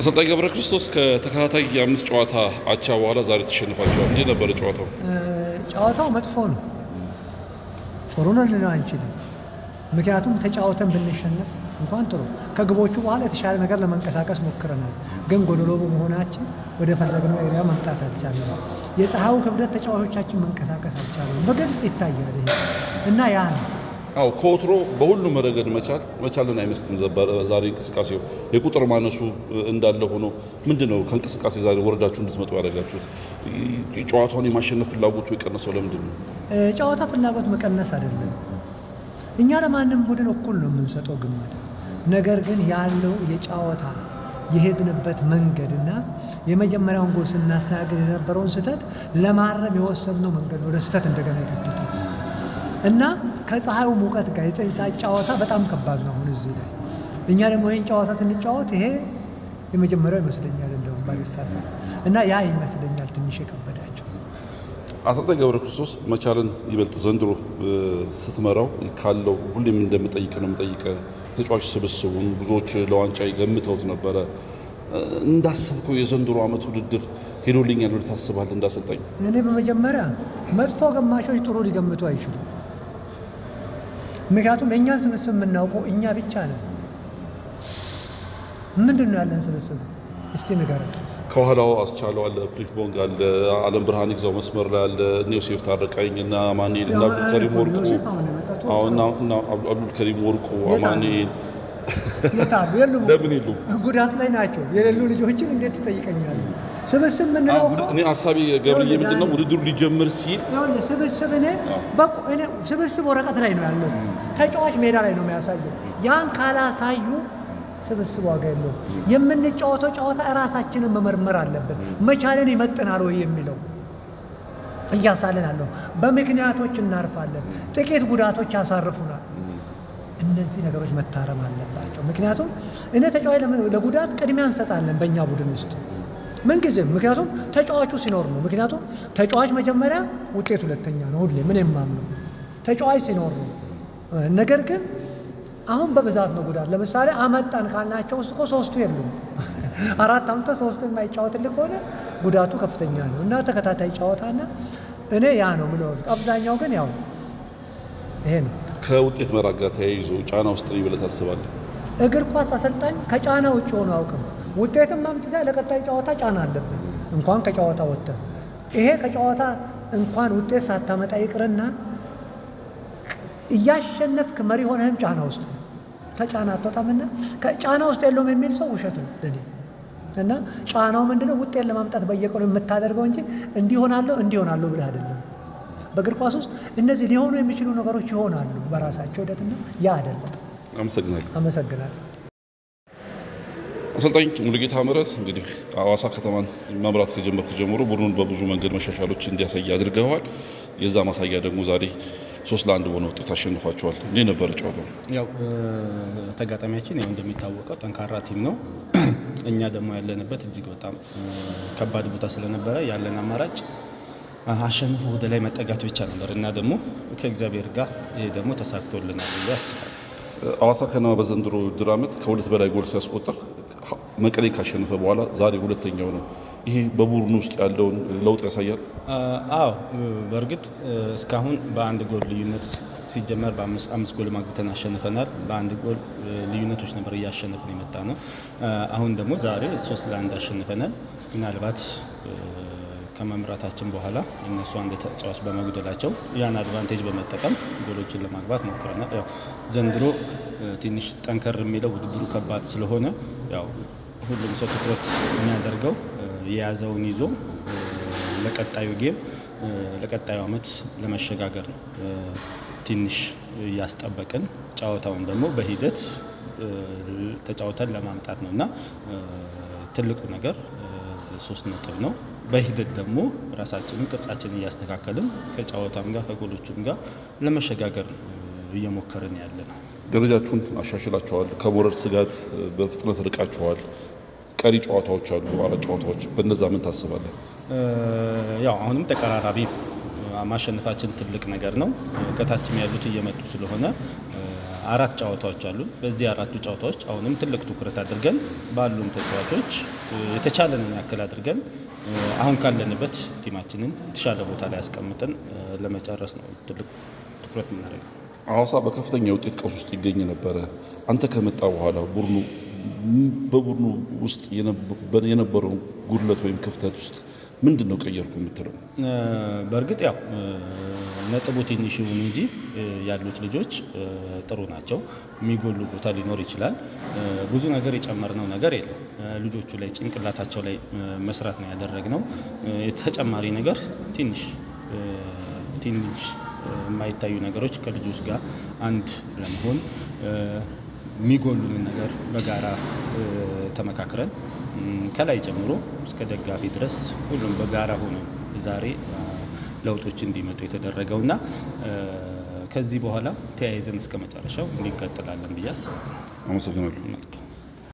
አሰልጣኝ ገብረ ክርስቶስ ከተከታታይ የአምስት ጨዋታ አቻ በኋላ ዛሬ ተሸንፋቸዋል። እንዴት ነበረ ጨዋታው? ጨዋታው መጥፎ ነው፣ ጥሩ ነው አንችልም። ምክንያቱም ተጫወተን ብንሸነፍ እንኳን ጥሩ ከግቦቹ በኋላ የተሻለ ነገር ለመንቀሳቀስ ሞክረናል፣ ግን ጎደሎ በመሆናችን ወደ ፈለግነው ኤሪያ መምጣት አልቻለም። የፀሐዩ ክብደት ተጫዋቾቻችን መንቀሳቀስ አልቻለም፣ በግልጽ ይታያል እና ያ ነው አዎ ከወትሮ በሁሉም ረገድ መቻል መቻልን አይመስልም። ዛሬ እንቅስቃሴው የቁጥር ማነሱ እንዳለ ሆኖ ምንድን ነው ከእንቅስቃሴ ዛሬ ወርዳችሁ እንድትመጡ ያደረጋችሁት? ጨዋታውን የማሸነፍ ፍላጎቱ የቀነሰው ለምንድን ነው? ጨዋታ ፍላጎት መቀነስ አይደለም። እኛ ለማንም ቡድን እኩል ነው የምንሰጠው ግምት። ነገር ግን ያለው የጨዋታ የሄድንበት መንገድ እና የመጀመሪያውን ጎል ስናስተናግድ የነበረውን ስህተት ለማረም የወሰድነው መንገድ ነው ስህተት እንደገና ይከተታል እና ከፀሐዩ ሙቀት ጋር የፀሐይ ሰዓት ጨዋታ በጣም ከባድ ነው። አሁን እዚህ ላይ እኛ ደግሞ ይህን ጨዋታ ስንጫወት ይሄ የመጀመሪያው ይመስለኛል እንደውም ባልሳሳት እና ያ ይመስለኛል ትንሽ የከበዳቸው። አሰልጣኝ ገብረ ክርስቶስ መቻልን ይበልጥ ዘንድሮ ስትመራው ካለው ሁሌም እንደምጠይቅ ነው የምጠይቀ ተጫዋች ስብስቡን ብዙዎች ለዋንጫ ገምተውት ነበረ። እንዳሰብከው የዘንድሮ ዓመት ውድድር ሄዶልኛል ብለህ ታስባለህ? እንዳሰልጣኝ እኔ በመጀመሪያ መጥፎ ገማሾች ጥሩ ሊገምቱ አይችሉም። ምክንያቱም የእኛን ስብስብ የምናውቀው እኛ ብቻ ነን። ምንድን ነው ያለን ስብስብ እስቲ ንገረን። ከኋላው አስቻለው አለ፣ ፕሪክ ቦንግ አለ፣ አለም ብርሃን ይግዛው መስመር ላይ አለ፣ ኒውሴፍ ታረቀኝ እና አማኒል እና አብዱልከሪም ወርቁ አሁን አብዱልከሪም ወርቁ አማኒል የሉም። ለምን ጉዳት ላይ ናቸው። የሌሉ ልጆችን እንዴት ትጠይቀኛለህ? ስብስብ ምንለው ገብርዬ ምንድን ነው ውድድሩ ሊጀምር ሲል ስብስብ እኔ ስብስብ ወረቀት ላይ ነው ያለው፣ ተጫዋች ሜዳ ላይ ነው የሚያሳየው። ያን ካላሳዩ ስብስብ ዋጋ የለውም። የምንጫወተው ጨዋታ እራሳችንን መመርመር አለብን። መቻልን ይመጥናል ወይ የሚለው እያሳለን አለው። በምክንያቶች እናርፋለን። ጥቂት ጉዳቶች ያሳርፉናል። እነዚህ ነገሮች መታረም አለባቸው። ምክንያቱም እኔ ተጫዋች ለጉዳት ቅድሚያ እንሰጣለን በእኛ ቡድን ውስጥ ምንጊዜም። ምክንያቱም ተጫዋቹ ሲኖር ነው። ምክንያቱም ተጫዋች መጀመሪያ፣ ውጤት ሁለተኛ ነው። ሁሌ ምን የማምነው ተጫዋች ሲኖር ነው። ነገር ግን አሁን በብዛት ነው ጉዳት። ለምሳሌ አመጣን ካልናቸው ውስጥ እኮ ሶስቱ የሉም። አራት አምጥተህ ሶስት የማይጫወትልህ ከሆነ ጉዳቱ ከፍተኛ ነው እና ተከታታይ ጨዋታና እኔ ያ ነው ምለው። አብዛኛው ግን ያው ይሄ ነው። ከውጤት መራቅ ጋር ተያይዞ ጫና ውስጥ ነው ብለህ ታስባለህ? እግር ኳስ አሰልጣኝ ከጫና ውጭ ሆኖ አያውቅም። ውጤትም አምጥተህ ለቀጣይ ጨዋታ ጫና አለብን እንኳን ከጨዋታ ወጥተህ ይሄ ከጨዋታ እንኳን ውጤት ሳታመጣ ይቅርና እያሸነፍክ መሪ ሆነህም ጫና ውስጥ ነው። ከጫና አትወጣምና ከጫና ውስጥ የለውም የሚል ሰው ውሸት ነው ለእኔ። እና ጫናው ምንድነው? ውጤት ለማምጣት በየቀኑ የምታደርገው እንጂ እንዲሆናለሁ እንዲሆናለሁ ብለህ አይደለም። በእግር ኳስ ውስጥ እነዚህ ሊሆኑ የሚችሉ ነገሮች ይሆናሉ በራሳቸው ሂደትና ያ አይደለም። አመሰግናለሁ። አመሰግናለሁ። አሰልጣኝ ሙሉጌታ ምረት እንግዲህ አዋሳ ከተማን መምራት ከጀመርክ ጀምሮ ቡድኑን በብዙ መንገድ መሻሻሎች እንዲያሳይ አድርገዋል። የዛ ማሳያ ደግሞ ዛሬ ሶስት ለአንድ በሆነ ውጤት አሸንፏቸዋል። እንዲህ ነበረ ጨዋታው? ያው ተጋጣሚያችን ያው እንደሚታወቀው ጠንካራ ቲም ነው። እኛ ደግሞ ያለንበት እጅግ በጣም ከባድ ቦታ ስለነበረ ያለን አማራጭ አሸንፎ ወደ ላይ መጠጋት ብቻ ነበር እና ደግሞ ከእግዚአብሔር ጋር ይሄ ደግሞ ተሳክቶልናል ብዬ አስባለሁ። አዋሳ ከነማ በዘንድሮ ውድድር ዓመት ከሁለት በላይ ጎል ሲያስቆጥር መቀሌ ካሸነፈ በኋላ ዛሬ ሁለተኛው ነው። ይሄ በቡድኑ ውስጥ ያለውን ለውጥ ያሳያል። አዎ በእርግጥ እስካሁን በአንድ ጎል ልዩነት ሲጀመር በአምስት ጎል ማግብተን አሸንፈናል። በአንድ ጎል ልዩነቶች ነበር እያሸነፍን የመጣ ነው። አሁን ደግሞ ዛሬ ሶስት ለአንድ አሸንፈናል። ምናልባት ከመምራታችን በኋላ እነሱ አንድ ተጫዋች በመጉደላቸው ያን አድቫንቴጅ በመጠቀም ጎሎችን ለማግባት ሞክረናል። ያው ዘንድሮ ትንሽ ጠንከር የሚለው ውድድሩ ከባድ ስለሆነ ያው ሁሉም ሰው ትኩረት የሚያደርገው የያዘውን ይዞ ለቀጣዩ ጌም ለቀጣዩ አመት ለመሸጋገር ነው። ትንሽ እያስጠበቅን ጨዋታውን ደግሞ በሂደት ተጫውተን ለማምጣት ነው እና ትልቁ ነገር ሶስት ነጥብ ነው። በሂደት ደግሞ ራሳችንን ቅርጻችንን እያስተካከልን ከጨዋታም ጋር ከጎሎችም ጋር ለመሸጋገር እየሞከርን ያለ ነው። ደረጃችሁን አሻሽላችኋል። ከመውረድ ስጋት በፍጥነት ርቃችኋል። ቀሪ ጨዋታዎች አሉ፣ አራት ጨዋታዎች። በነዛ ምን ታስባለን? ያው አሁንም ተቀራራቢ ማሸነፋችን ትልቅ ነገር ነው። ከታችም ያሉት እየመጡ ስለሆነ አራት ጨዋታዎች አሉ። በዚህ አራቱ ጨዋታዎች አሁንም ትልቅ ትኩረት አድርገን ባሉን ተጫዋቾች የተቻለንን ያክል አድርገን አሁን ካለንበት ቲማችንን የተሻለ ቦታ ላይ ያስቀምጠን ለመጨረስ ነው ትልቁ ትኩረት የምናደርገው። ሐዋሳ በከፍተኛ ውጤት ቀውስ ውስጥ ይገኝ ነበረ። አንተ ከመጣ በኋላ ቡድኑ በቡድኑ ውስጥ የነበረው ጉድለት ወይም ክፍተት ውስጥ ምንድን ነው ቀየርኩ የምትለው? በእርግጥ ያው ነጥቡ ትንሽ ይሁን እንጂ ያሉት ልጆች ጥሩ ናቸው። የሚጎሉ ቦታ ሊኖር ይችላል። ብዙ ነገር የጨመርነው ነገር የለም። ልጆቹ ላይ ጭንቅላታቸው ላይ መስራት ነው ያደረግነው። የተጨማሪ ነገር ትንሽ ትንሽ የማይታዩ ነገሮች ከልጆች ጋር አንድ ለመሆን የሚጎሉንን ነገር በጋራ ተመካክረን ከላይ ጀምሮ እስከ ደጋፊ ድረስ ሁሉም በጋራ ሆኖ ዛሬ ለውጦች እንዲመጡ የተደረገው እና ከዚህ በኋላ ተያይዘን እስከ መጨረሻው እንዲቀጥላለን ብዬ አስባለሁ። አመሰግናለሁ።